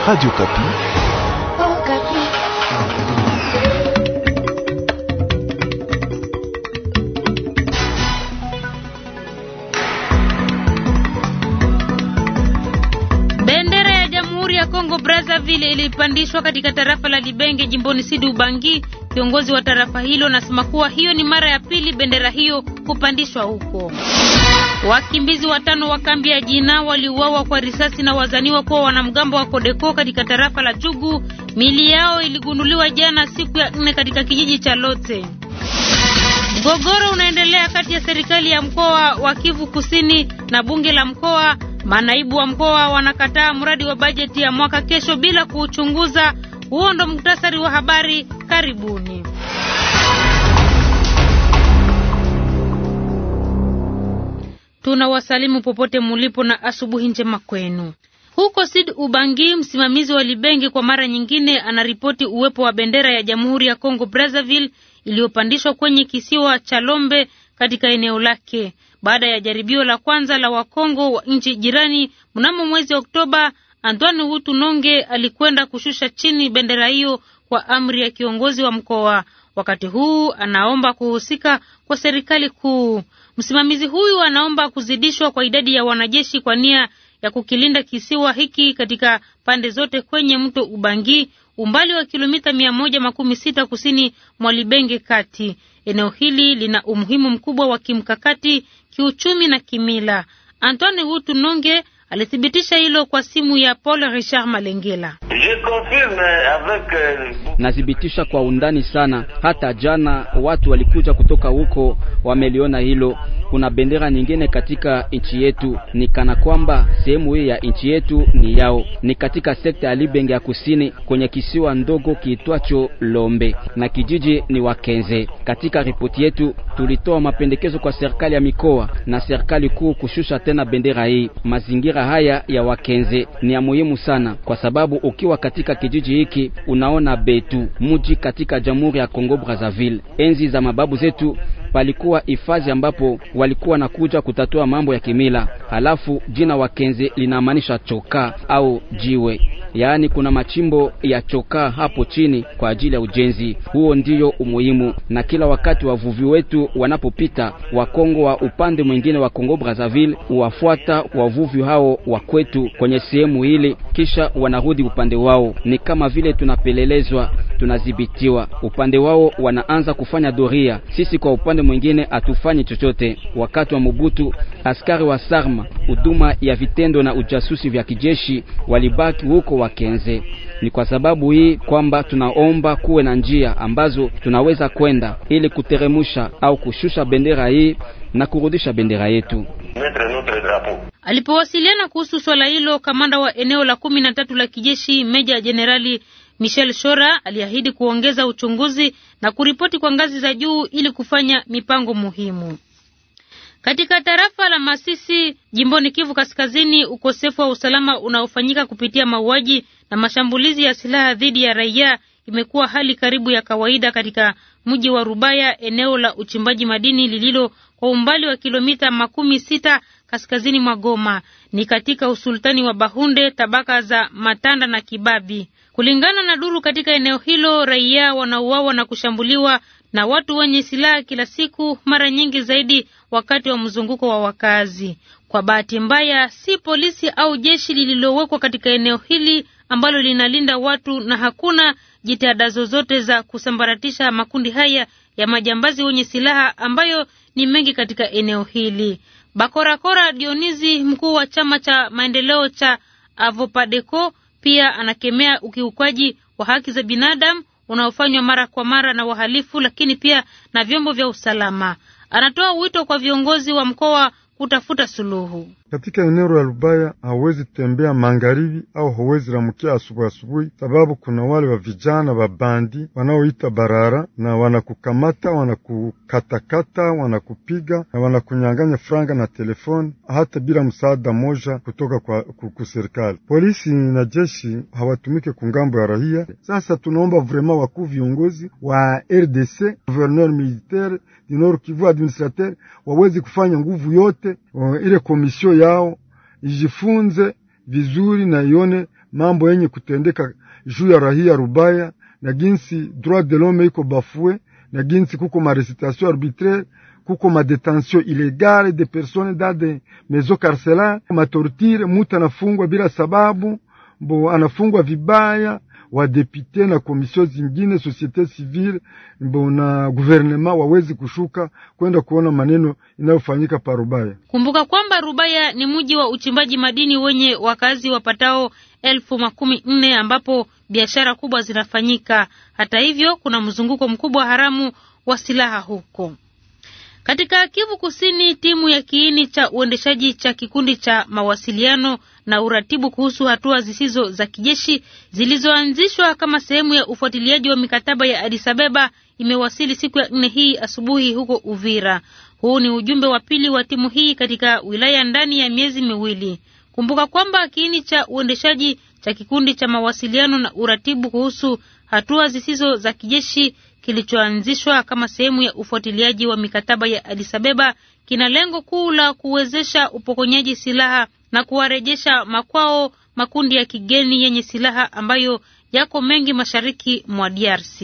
Radio Kapi. Oh, Kapi. Bendera ya Jamhuri ya Kongo Brazzaville ilipandishwa katika tarafa la Libenge jimboni Sidi Ubangi. Kiongozi wa tarafa hilo anasema kuwa hiyo ni mara ya pili bendera hiyo kupandishwa huko. Wakimbizi watano wa kambi ya Jina waliuawa kwa risasi na wazaniwa kuwa wanamgambo wa Kodeko katika tarafa la Jugu. Mili yao iligunduliwa jana siku ya nne katika kijiji cha Lote. Mgogoro unaendelea kati ya serikali ya mkoa wa Kivu Kusini na bunge la mkoa. Manaibu wa mkoa wanakataa mradi wa bajeti ya mwaka kesho bila kuuchunguza. Huo ndo muktasari wa habari. Karibuni. Tunawasalimu popote mulipo na asubuhi njema kwenu. Huko Sid Ubangi, msimamizi wa Libenge, kwa mara nyingine anaripoti uwepo wa bendera ya Jamhuri ya Kongo Brazzaville iliyopandishwa kwenye kisiwa cha Lombe katika eneo lake baada ya jaribio la kwanza la Wakongo wa, nchi jirani mnamo mwezi Oktoba. Antoine Hutu Nonge alikwenda kushusha chini bendera hiyo kwa amri ya kiongozi wa mkoa. Wakati huu anaomba kuhusika kwa serikali kuu. Msimamizi huyu anaomba kuzidishwa kwa idadi ya wanajeshi kwa nia ya kukilinda kisiwa hiki katika pande zote kwenye mto Ubangi, umbali wa kilomita mia moja makumi sita kusini mwa Libenge kati. Eneo hili lina umuhimu mkubwa wa kimkakati, kiuchumi na kimila. Antoine Hutu Nonge Alithibitisha hilo kwa simu ya Paul Richard Malengela. Euh, Nathibitisha kwa undani sana, hata jana watu walikuja kutoka huko wameliona hilo. Kuna bendera nyingine katika nchi yetu, ni kana kwamba sehemu hii ya nchi yetu ni yao. Ni katika sekta ya Libenge ya kusini kwenye kisiwa ndogo kiitwacho Lombe na kijiji ni Wakenze. Katika ripoti yetu tulitoa mapendekezo kwa serikali ya mikoa na serikali kuu kushusha tena bendera hii mazingira mashirika haya ya wakenze ni ya muhimu sana, kwa sababu ukiwa katika kijiji hiki unaona Betu, mji katika Jamhuri ya Kongo Brazzaville. Enzi za mababu zetu palikuwa hifadhi ambapo walikuwa nakuja kutatua mambo ya kimila, halafu jina wakenze linamaanisha choka au jiwe yaani kuna machimbo ya chokaa hapo chini kwa ajili ya ujenzi. Huo ndiyo umuhimu, na kila wakati wavuvi wetu wanapopita, Wakongo wa upande mwingine wa Kongo Brazzaville wafuata wavuvi hao wa kwetu kwenye sehemu hili, kisha wanarudi upande wao. Ni kama vile tunapelelezwa, tunadhibitiwa. Upande wao wanaanza kufanya doria, sisi kwa upande mwingine hatufanyi chochote. Wakati wa Mobutu, askari wa Sarma, huduma ya vitendo na ujasusi vya kijeshi walibaki huko Wakenze. Ni kwa sababu hii kwamba tunaomba kuwe na njia ambazo tunaweza kwenda ili kuteremusha au kushusha bendera hii na kurudisha bendera yetu. Alipowasiliana kuhusu swala hilo, kamanda wa eneo la kumi na tatu la kijeshi meja jenerali Michel Shora aliahidi kuongeza uchunguzi na kuripoti kwa ngazi za juu ili kufanya mipango muhimu. Katika tarafa la Masisi jimboni Kivu Kaskazini, ukosefu wa usalama unaofanyika kupitia mauaji na mashambulizi ya silaha dhidi ya raia imekuwa hali karibu ya kawaida katika mji wa Rubaya, eneo la uchimbaji madini lililo kwa umbali wa kilomita makumi sita kaskazini mwa Goma. Ni katika usultani wa Bahunde, tabaka za Matanda na Kibabi. Kulingana na duru katika eneo hilo, raia wanauawa na kushambuliwa na watu wenye silaha kila siku, mara nyingi zaidi wakati wa mzunguko wa wakazi. Kwa bahati mbaya, si polisi au jeshi lililowekwa katika eneo hili ambalo linalinda watu na hakuna jitihada zozote za kusambaratisha makundi haya ya majambazi wenye silaha ambayo ni mengi katika eneo hili. Bakorakora Dionizi, mkuu wa chama cha maendeleo cha Avopadeco, pia anakemea ukiukwaji wa haki za binadamu unaofanywa mara kwa mara na wahalifu, lakini pia na vyombo vya usalama. Anatoa wito kwa viongozi wa mkoa kutafuta suluhu katika eneo la Lubaya hawezi tembea magharibi au hawezi ramukia asubuhi asubuhi, sababu kuna wale wa vijana wa bandi wanaoita barara na wanakukamata, wanakukatakata, wanakupiga na wanakunyang'anya franga na telefoni, hata bila msaada moja kutoka kwa serikali. Polisi na jeshi hawatumike kungambo ya rahia. Sasa tunaomba vrema wakuu viongozi wa RDC, gouverneur militaire du Nord Kivu, administrateur wawezi kufanya nguvu yote uh, ile komisio yao ijifunze vizuri na ione mambo yenye kutendeka juu ya rahia rubaya na ginsi droit de l'homme iko bafue na ginsi kuko marecitation arbitraire kuko madetention illegale de personnes da de maison carcelare matortire, mutu anafungwa bila sababu, mbo anafungwa vibaya wadepute na komisio zingine societe civile na guvernema wawezi kushuka kwenda kuona maneno inayofanyika pa Rubaya. Kumbuka kwamba Rubaya ni mji wa uchimbaji madini wenye wakazi wapatao elfu makumi nne ambapo biashara kubwa zinafanyika. Hata hivyo, kuna mzunguko mkubwa haramu wa silaha huko. Katika Kivu Kusini, timu ya kiini cha uendeshaji cha kikundi cha mawasiliano na uratibu kuhusu hatua zisizo za kijeshi zilizoanzishwa kama sehemu ya ufuatiliaji wa mikataba ya Addis Ababa imewasili siku ya nne hii asubuhi huko Uvira. Huu ni ujumbe wa pili wa timu hii katika wilaya ndani ya miezi miwili. Kumbuka kwamba kiini cha uendeshaji cha kikundi cha mawasiliano na uratibu kuhusu hatua zisizo za kijeshi kilichoanzishwa kama sehemu ya ufuatiliaji wa mikataba ya Addis Ababa kina lengo kuu la kuwezesha upokonyaji silaha na kuwarejesha makwao makundi ya kigeni yenye silaha ambayo yako mengi mashariki mwa DRC.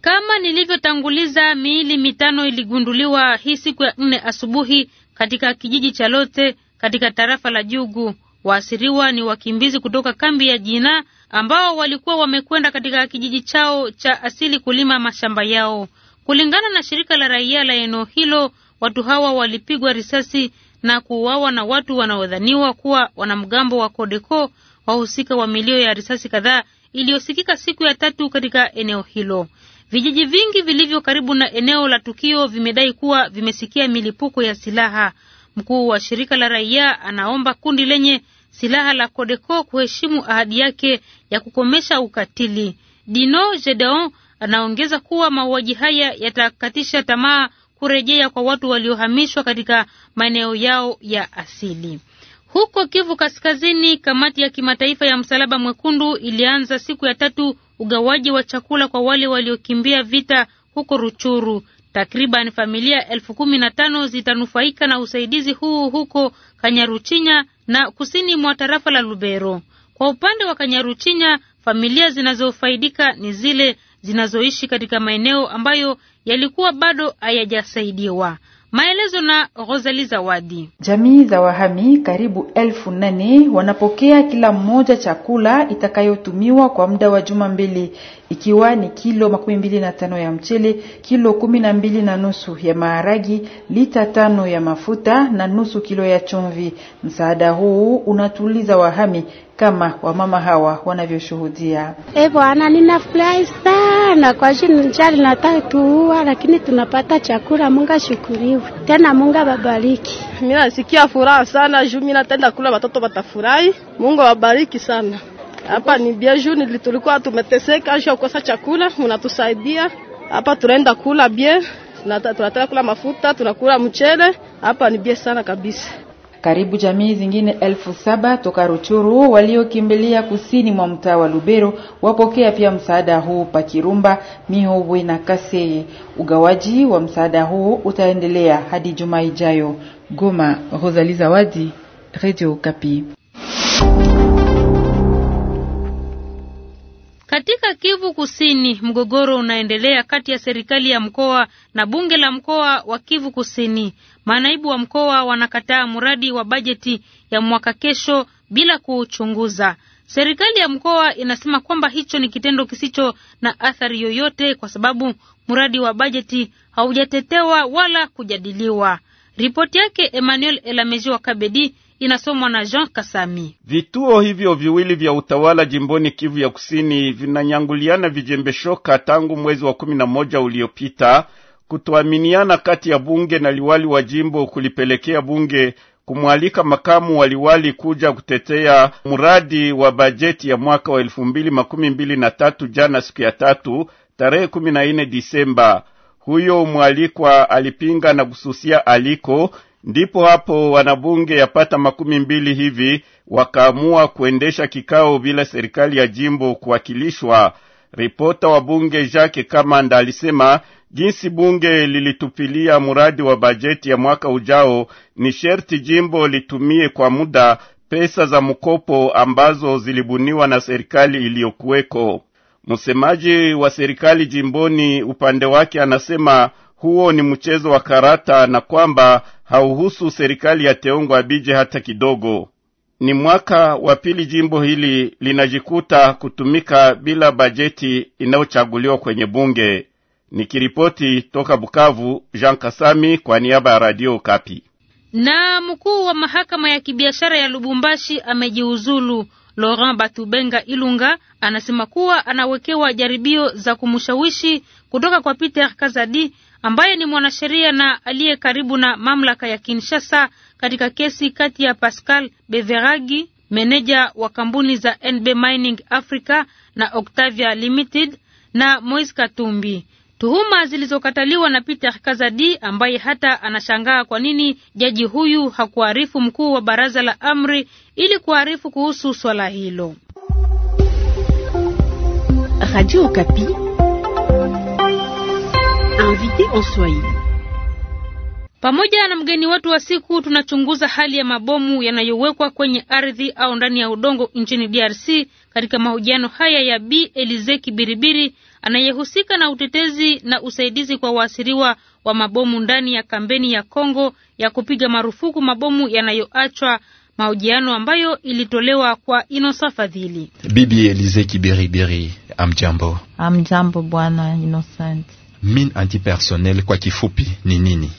Kama nilivyotanguliza, miili mitano iligunduliwa hii siku ya nne asubuhi katika kijiji cha Lote katika tarafa la Jugu. Waasiriwa ni wakimbizi kutoka kambi ya Jina ambao walikuwa wamekwenda katika kijiji chao cha asili kulima mashamba yao. Kulingana na shirika la raia la eneo hilo, watu hawa walipigwa risasi na kuuawa na watu wanaodhaniwa kuwa wanamgambo wa Kodeko, wahusika wa milio ya risasi kadhaa iliyosikika siku ya tatu katika eneo hilo. Vijiji vingi vilivyo karibu na eneo la tukio vimedai kuwa vimesikia milipuko ya silaha. Mkuu wa shirika la raia anaomba kundi lenye silaha la Codeco kuheshimu ahadi yake ya kukomesha ukatili. Dino Gedeon anaongeza kuwa mauaji haya yatakatisha tamaa kurejea kwa watu waliohamishwa katika maeneo yao ya asili. Huko Kivu Kaskazini, kamati ya kimataifa ya Msalaba Mwekundu ilianza siku ya tatu ugawaji wa chakula kwa wale waliokimbia vita huko Ruchuru. Takriban familia elfu kumi na tano zitanufaika na usaidizi huu huko Kanyaruchinya na kusini mwa tarafa la Lubero. Kwa upande wa Kanyaruchinya, familia zinazofaidika ni zile zinazoishi katika maeneo ambayo yalikuwa bado hayajasaidiwa. Maelezo na Rosali Zawadi. Jamii za wahami karibu elfu nane wanapokea kila mmoja chakula itakayotumiwa kwa muda wa juma mbili ikiwa ni kilo makumi mbili na tano ya mchele, kilo kumi na mbili na nusu ya maharagi, lita tano ya mafuta na nusu kilo ya chumvi. Msaada huu unatuliza wahami kama wamama hawa wanavyoshuhudia. E bwana, ninafurahi sana kwa juu njaa tuua, lakini tunapata chakula. Mungu ashukuriwe tena, Mungu awabariki. Mi nasikia furaha sana juu mimi natenda kula, watoto watafurahi. Mungu awabariki sana. Hapa ni biaju, tulikuwa tumeteseka juu ya kukosa chakula, mnatusaidia hapa, tunaenda kula bie, tunataka kula mafuta, tunakula mchele hapa, ni bie sana kabisa. Karibu jamii zingine elfu saba toka Ruchuru waliokimbilia kusini mwa mtaa wa Lubero wapokea pia msaada huu Pakirumba, Mihobwe na Kaseye. Ugawaji wa msaada huu utaendelea hadi Jumaa ijayo. Goma, Rosalie Zawadi, Radio Kapi. Katika Kivu Kusini, mgogoro unaendelea kati ya serikali ya mkoa na bunge la mkoa wa Kivu Kusini. Manaibu wa mkoa wanakataa mradi wa bajeti ya mwaka kesho bila kuuchunguza. Serikali ya mkoa inasema kwamba hicho ni kitendo kisicho na athari yoyote kwa sababu mradi wa bajeti haujatetewa wala kujadiliwa. Ripoti yake Emmanuel Elameji wa Kabedi inasomwa na Jean Kasami. Vituo hivyo viwili vya utawala jimboni Kivu ya Kusini vinanyanguliana vijembeshoka tangu mwezi wa kumi na moja uliopita. Kutoaminiana kati ya bunge na liwali wa jimbo kulipelekea bunge kumwalika makamu waliwali kuja kutetea mradi wa bajeti ya mwaka wa elfu mbili makumi mbili na tatu jana siku ya tatu tarehe kumi na nne Disemba. Huyo mwalikwa alipinga na kususia aliko Ndipo hapo wanabunge yapata makumi mbili hivi wakaamua kuendesha kikao bila serikali ya jimbo kuwakilishwa. Ripota wa bunge Jacques Kamanda alisema jinsi bunge lilitupilia mradi wa bajeti ya mwaka ujao, ni sherti jimbo litumie kwa muda pesa za mkopo ambazo zilibuniwa na serikali iliyokuweko. Msemaji wa serikali jimboni upande wake anasema huo ni mchezo wa karata na kwamba hauhusu serikali ya teongo Abije hata kidogo. Ni mwaka wa pili jimbo hili linajikuta kutumika bila bajeti inayochaguliwa kwenye bunge. Nikiripoti toka Bukavu, Jean Kasami kwa niaba ya Radio Kapi. Na mkuu wa mahakama ya kibiashara ya Lubumbashi amejiuzulu. Laurent Batubenga Ilunga anasema kuwa anawekewa jaribio za kumshawishi kutoka kwa Peter Kazadi ambaye ni mwanasheria na aliye karibu na mamlaka ya Kinshasa katika kesi kati ya Pascal Beveragi, meneja wa kampuni za NB Mining Africa na Octavia Limited na Moise Katumbi tuhuma zilizokataliwa na Peter Kazadi ambaye hata anashangaa kwa nini jaji huyu hakuarifu mkuu wa baraza la amri ili kuarifu kuhusu swala hilo. Radio Okapi invité en Swahili pamoja na mgeni wetu wa siku tunachunguza hali ya mabomu yanayowekwa kwenye ardhi au ndani ya udongo nchini DRC katika mahojiano haya ya B Elize Kibiribiri anayehusika na utetezi na usaidizi kwa waasiriwa wa mabomu ndani ya kampeni ya Kongo ya kupiga marufuku mabomu yanayoachwa mahojiano ambayo ilitolewa kwa Inosa Fadhili. Bibi Elize Kibiribiri, amjambo. Amjambo bwana Innocent. Min antipersonnel kwa kifupi ni nini?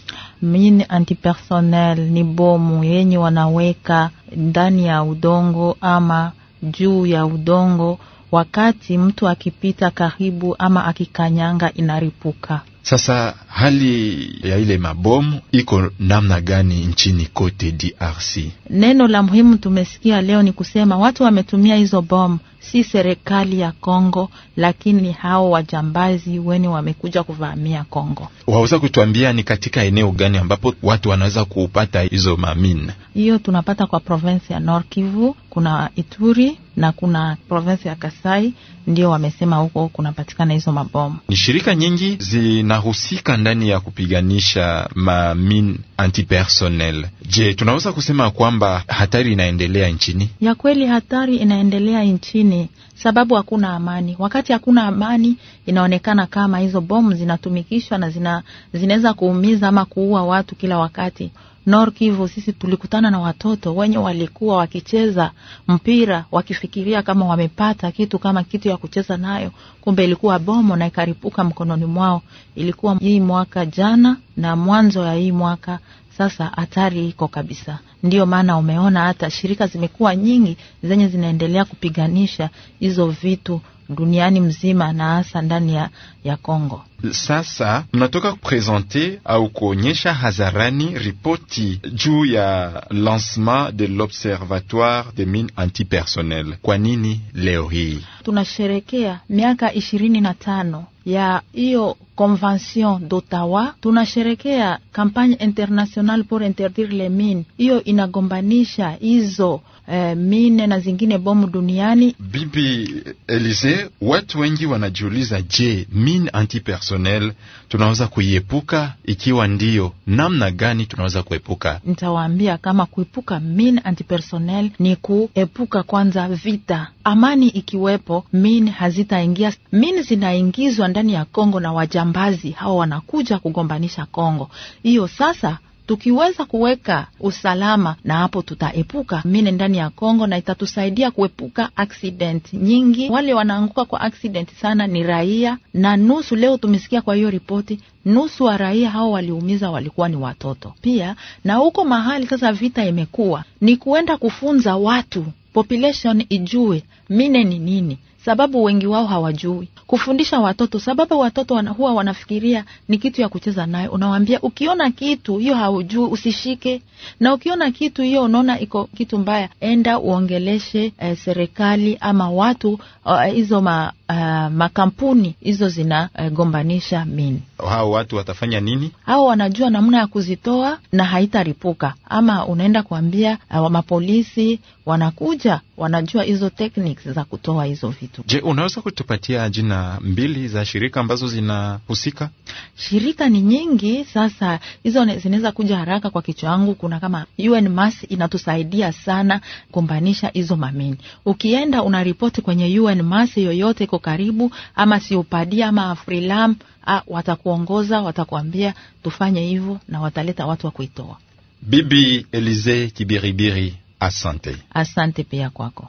mini antipersonnel ni bomu yenye wanaweka ndani ya udongo ama juu ya udongo, wakati mtu akipita karibu ama akikanyanga inaripuka. Sasa hali ya ile mabomu iko namna gani nchini kote DRC? Neno la muhimu tumesikia leo ni kusema watu wametumia hizo bomu si serikali ya Kongo, lakini hao wajambazi weni wamekuja kuvamia Kongo. Waweza kutuambia ni katika eneo gani ambapo watu wanaweza kupata hizo mamine? Hiyo tunapata kwa provensi ya North Kivu, kuna Ituri na kuna provensi ya Kasai, ndio wamesema huko kunapatikana hizo mabomu. Ni shirika nyingi zinahusika ndani ya kupiganisha mamin antipersonnel. Je, tunaweza kusema kwamba hatari inaendelea nchini? Ya kweli hatari inaendelea nchini nyingine sababu hakuna amani. Wakati hakuna amani, inaonekana kama hizo bomu zinatumikishwa na zina, zinaweza kuumiza ama kuua watu kila wakati. Nord Kivu sisi tulikutana na watoto wenye walikuwa wakicheza mpira wakifikiria kama wamepata kitu kama kitu ya kucheza nayo, kumbe ilikuwa bomo na ikaripuka mkononi mwao. Ilikuwa hii mwaka jana na mwanzo ya hii mwaka sasa hatari iko kabisa, ndiyo maana umeona hata shirika zimekuwa nyingi zenye zinaendelea kupiganisha hizo vitu duniani mzima na hasa ndani ya, ya Kongo. Sasa mnatoka kuprezente au kuonyesha hadharani ripoti juu ya lancement de l'observatoire de mine antipersonnel. Kwa nini leo hii tunasherekea miaka ishirini na tano ya hiyo convention d'Ottawa? Tunasherekea campagne internationale pour interdire les mines, hiyo inagombanisha hizo Eh, mine na zingine bomu duniani. Bibi Elise, watu wengi wanajiuliza, je, mine antipersonnel tunaweza kuiepuka? Ikiwa ndio namna gani tunaweza kuepuka? Nitawaambia kama kuepuka mine antipersonnel ni kuepuka kwanza vita. Amani ikiwepo, mine hazitaingia. Mine zinaingizwa ndani ya Kongo na wajambazi hao wanakuja kugombanisha Kongo. Hiyo sasa tukiweza kuweka usalama, na hapo tutaepuka mine ndani ya Kongo, na itatusaidia kuepuka accident nyingi. Wale wanaanguka kwa accident sana ni raia, na nusu leo tumesikia kwa hiyo ripoti, nusu wa raia hao waliumiza walikuwa ni watoto pia. Na huko mahali sasa vita imekuwa ni kuenda kufunza watu population ijue mine ni nini sababu wengi wao hawajui kufundisha watoto, sababu watoto wana, huwa wanafikiria ni kitu ya kucheza nayo. unawambia ukiona kitu hiyo haujui usishike, na ukiona kitu hiyo unaona iko kitu mbaya, enda uongeleshe eh, serikali ama watu eh, hizo eh, uh, makampuni hizo zinagombanisha uh, mini. Hao watu watafanya nini? Hao wanajua namna ya kuzitoa na haitaripuka, ama unaenda kuambia uh, mapolisi wanakuja, wanajua hizo techniques za kutoa hizo vitu. Je, unaweza kutupatia jina mbili za shirika ambazo zinahusika? Shirika ni nyingi, sasa hizo zinaweza kuja haraka kwa kichwa yangu. Kuna kama UN Mass inatusaidia sana kumbanisha hizo mamini. Ukienda unaripoti kwenye UN Mass yoyote wako karibu, ama siupadi ama Afrilam a, watakuongoza watakuambia tufanye hivyo, na wataleta watu wa kuitoa. Bibi Elize Kibiribiri, asante. Asante pia kwako.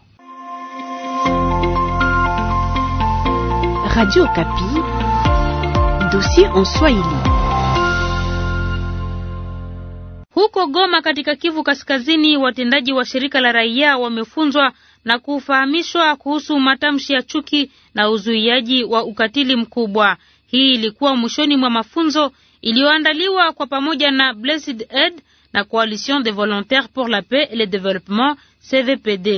Radio Okapi, dossier en Swahili. Huko Goma katika Kivu Kaskazini, watendaji wa shirika la raia wamefunzwa na kufahamishwa kuhusu matamshi ya chuki na uzuiaji wa ukatili mkubwa. Hii ilikuwa mwishoni mwa mafunzo iliyoandaliwa kwa pamoja na Blessed Aid na Coalition des Volontaires pour la Paix et le Développement CVPD.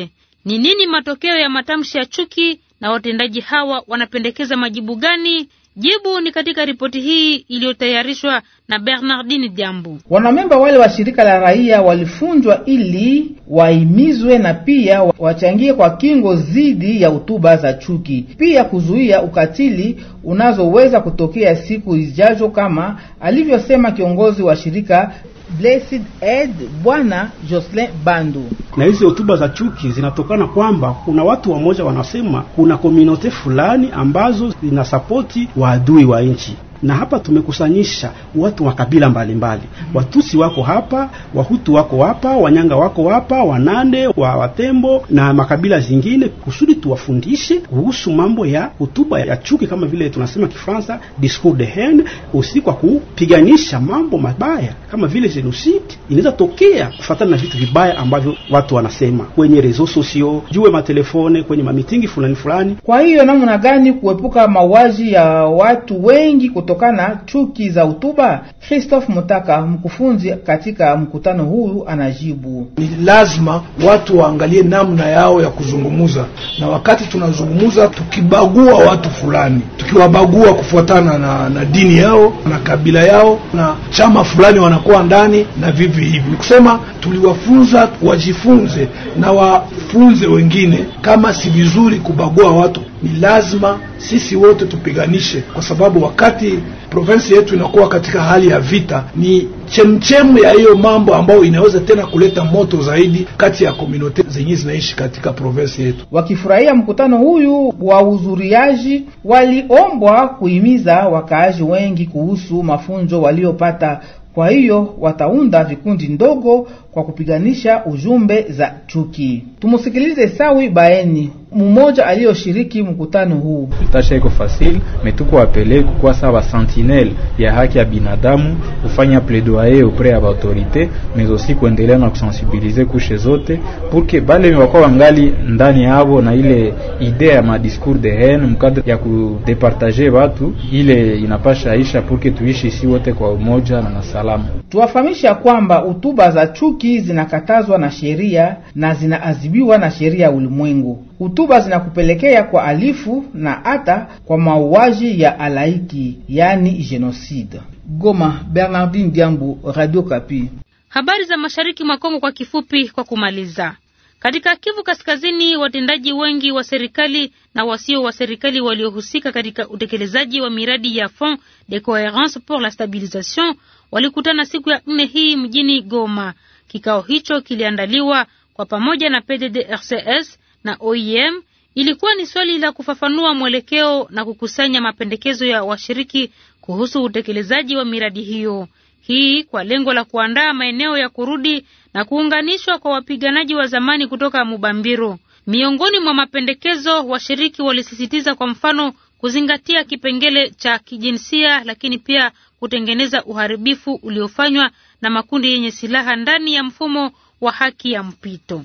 Ni nini matokeo ya matamshi ya chuki na watendaji hawa wanapendekeza majibu gani? Jibu ni katika ripoti hii iliyotayarishwa na Bernardini Jambu. Wanamemba wale wa shirika la raia walifunjwa ili wahimizwe na pia wachangie kwa kingo dhidi ya hotuba za chuki, pia kuzuia ukatili unazoweza kutokea siku zijazo, kama alivyosema kiongozi wa shirika Blessed Ed Bwana Jocelyn Bandu. Na hizi hotuba za chuki zinatokana kwamba kuna watu wamoja wanasema kuna komunote fulani ambazo zinasapoti waadui wa nchi na hapa tumekusanyisha watu wa kabila mbalimbali mbali. Watusi wako hapa, Wahutu wako hapa, Wanyanga wako hapa, Wanande wa Watembo na makabila zingine, kusudi tuwafundishe kuhusu mambo ya hutuba ya chuki, kama vile tunasema Kifaransa discours de haine, usiku wa kupiganisha mambo mabaya kama vile genocide inaweza tokea kufatana na vitu vibaya ambavyo watu wanasema kwenye rezo sosio juwe matelefone kwenye mamitingi fulani fulani. Kwa hiyo namna gani kuepuka mawazi ya watu wengi kutu kutokana chuki za utuba? Christophe Mutaka, mkufunzi katika mkutano huu, anajibu: ni lazima watu waangalie namna yao ya kuzungumuza, na wakati tunazungumuza tukibagua watu fulani, tukiwabagua kufuatana na, na dini yao na kabila yao na chama fulani wanakuwa ndani na vivi hivi, ni kusema tuliwafunza wajifunze na wafunze wengine, kama si vizuri kubagua watu ni lazima sisi wote tupiganishe, kwa sababu wakati provinsi yetu inakuwa katika hali ya vita, ni chemchemu ya hiyo mambo ambayo inaweza tena kuleta moto zaidi kati ya komunote zenye zinaishi katika provinsi yetu. Wakifurahia mkutano huyu, wa uzuriaji, waliombwa kuhimiza wakaaji wengi kuhusu mafunzo waliopata kwa hiyo wataunda vikundi ndogo kwa kupiganisha ujumbe za chuki. Tumusikilize Sawi Baeni, mmoja aliyoshiriki mkutano huu. Tasha iko fasile metuko apele kukuwa sawa sentinel ya haki ya binadamu kufanya plaidoyer auprès ya autorité mais aussi kuendelea na kusensibilize kushe zote purke bale wako wangali ndani yavo na ile idea ya madiscours de haine mkadre ya kudepartage watu ile inapasha isha purke tuishi si wote kwa umoja na nasa usalama. Tuwafahamisha kwamba hutuba za chuki zinakatazwa na sheria na zinaadhibiwa na sheria ya ulimwengu. Hutuba zinakupelekea kwa alifu na hata kwa mauaji ya alaiki, yani genocide. Goma, Bernardin Diambu, Radio Kapi. Habari za mashariki mwa Kongo kwa kifupi, kwa kumaliza katika Kivu Kaskazini, watendaji wengi wa serikali na wasio wa serikali waliohusika katika utekelezaji wa miradi ya Fond de Coherence pour la Stabilisation walikutana siku ya nne hii mjini Goma. Kikao hicho kiliandaliwa kwa pamoja na PDDRCS na OIM. Ilikuwa ni swali la kufafanua mwelekeo na kukusanya mapendekezo ya washiriki kuhusu utekelezaji wa miradi hiyo hii kwa lengo la kuandaa maeneo ya kurudi na kuunganishwa kwa wapiganaji wa zamani kutoka Mubambiro. Miongoni mwa mapendekezo, washiriki walisisitiza kwa mfano kuzingatia kipengele cha kijinsia, lakini pia kutengeneza uharibifu uliofanywa na makundi yenye silaha ndani ya mfumo wa haki ya mpito.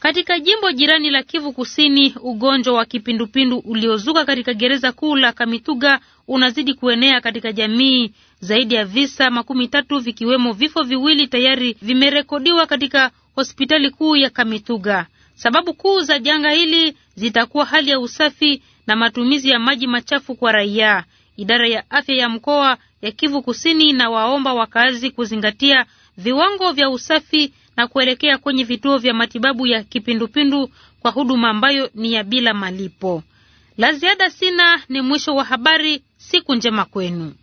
Katika jimbo jirani la Kivu Kusini, ugonjwa wa kipindupindu uliozuka katika gereza kuu la Kamituga unazidi kuenea katika jamii. Zaidi ya visa makumi tatu vikiwemo vifo viwili tayari vimerekodiwa katika hospitali kuu ya Kamituga. Sababu kuu za janga hili zitakuwa hali ya usafi na matumizi ya maji machafu kwa raia idara ya afya ya mkoa ya Kivu Kusini na waomba wakazi kuzingatia viwango vya usafi na kuelekea kwenye vituo vya matibabu ya kipindupindu kwa huduma ambayo ni ya bila malipo. La ziada sina. Ni mwisho wa habari. Siku njema kwenu.